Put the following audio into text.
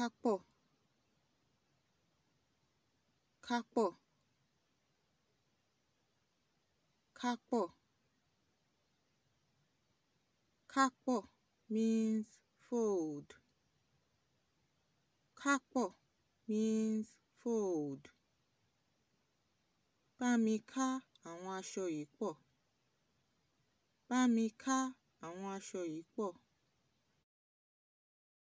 kápọ̀ kápọ̀ kápọ̀ kápọ̀ means fold kápọ̀ means fold bá mi ká àwọn aṣọ yìí pọ̀ bá mi ká àwọn aṣọ yìí pọ̀